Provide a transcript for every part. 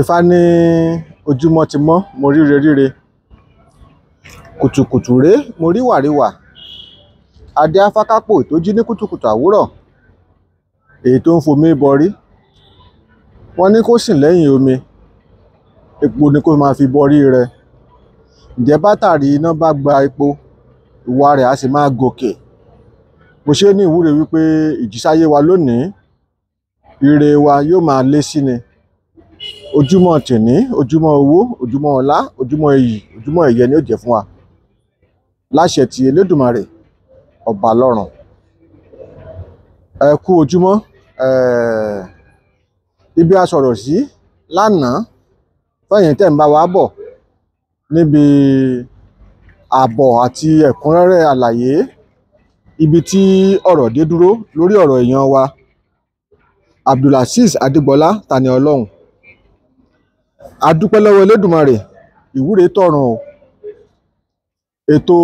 Ifá ní ojúmọ́ ti mọ́ mo ríre ríre kùtùkùtù ré mo rí wàríwà adé afákápò tó jí ní kùtùkùtù àwúrọ̀ èyí tó ń fomi bọrí wọ́n ní kó sìn lẹ́yìn omi epo ni kó máa fi bọrí rẹ̀ ǹjẹ́ bátàrí iná bá gba epo ìwà rẹ̀ á sì máa gòkè mo ṣe ní ìwúre wípé ìjísáyé wa lónìí ire wa yóò máa lé sí ni ojúmọ́ tìní ojúmọ́ owó ojúmọ́ ọlá ojúmọ́ iyì ojúmọ́ ẹ̀yẹ ni ó jẹ́ fún wa láṣẹ ti Elédùmarè ọba lọ́run ẹ kú ojúmọ́ ibi a sọ̀rọ̀ sí lánàá fẹ̀yìn tẹ̀ ń bá wa bọ̀ níbi àbọ̀ àti ẹ̀kúnrẹ́rẹ́ àlàyé ibi tí ọ̀rọ̀ dé dúró lórí ọ̀rọ̀ èèyàn wa Abdulazeez Adégbọlá Taniọlọ́hun adúpẹ́ lọ́wọ́ Elédùmarè ìwúre tọ̀run o ètò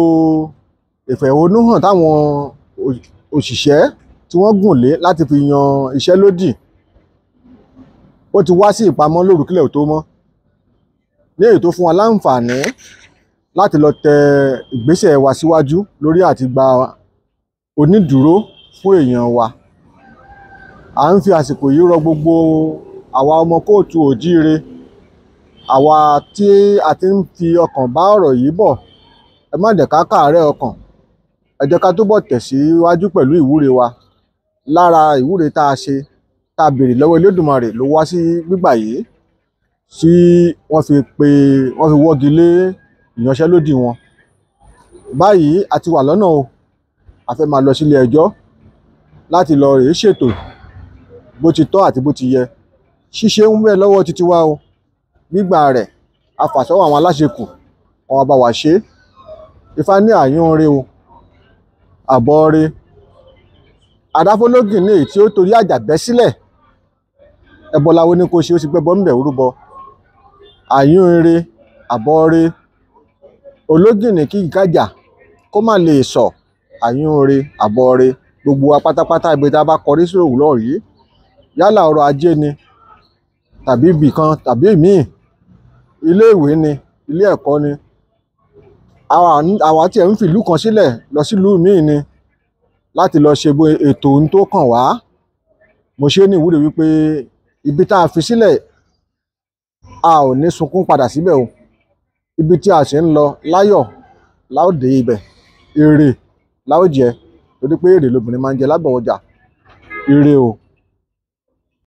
ìfẹ̀hónúhàn táwọn òṣìṣẹ́ tí wọ́n gùn lé láti fi yan iṣẹ́ lódì ó ti wá sí ìpamọ́ lóru kílẹ̀ tó mọ́ ní èyí tó fún wa láǹfààní láti lọ tẹ ìgbésẹ̀ wa síwájú lórí àti gba onídùúró fún èèyàn wa à ń fi àsìkò yìí rọ gbogbo àwa ọmọ kóòtù òjíire àwa tí a ti ń fi ọkàn bá ọ̀rọ̀ yìí bọ̀ ẹ má jẹ́ ká káàárẹ̀ ọkàn ẹ jẹ́ ká túbọ̀ tẹ̀síwájú pẹ̀lú ìwúre wa lára ìwúre tá a ṣe tá a béèrè lọ́wọ́ Elédùmarè ló wá sí gbígbà yìí tí wọ́n fi pe wọ́n fi wọ́gi lé ìyanṣẹ́lódì wọn báyìí a ti wà lọ́nà o a fẹ́ máa lọ sílé ẹjọ́ láti lọ rèé ṣètò bó ti tọ́ àti bó ti yẹ ṣíṣe ń bẹ lọ́wọ́ títí wa o gbígbà rẹ̀ afàṣọwọ́ àwọn aláṣẹ kù wọn bá wà ṣe ifá ní àyún re o àbọ̀ re àdáfólógì ní èyí tí ó torí àjà bẹ́ sílẹ̀ ẹbọláwo ní kò ṣe ó ti gbẹ́bọ ńbẹ̀ orúbọ àyún re àbọ̀ re kí ìkájà kó má lè sọ àyún re gbogbo wa pátápátá ibi tá a bá kọrí sí òwúrọ̀ yìí yálà ọrọ̀ ajé ni tàbí ibì kan tàbí míì ilé ìwé ni ilé ẹ̀kọ́ ni àwa tí ẹ̀ ń fìlú kan sílẹ̀ lọ sílùú míì ni láti lọ ṣe ètò ohun tó kàn wá mo ṣe é ní ìwúrí wípé ibi tá a fi sílẹ̀ a ò ní sunkún padà síbẹ̀ o ibi tí a sì ń lọ láyọ̀ láòdè ibẹ̀ èrè láòjẹ́ torí pé èrè lobìnrin máa ń jẹ lábọ̀ ọjà ire o.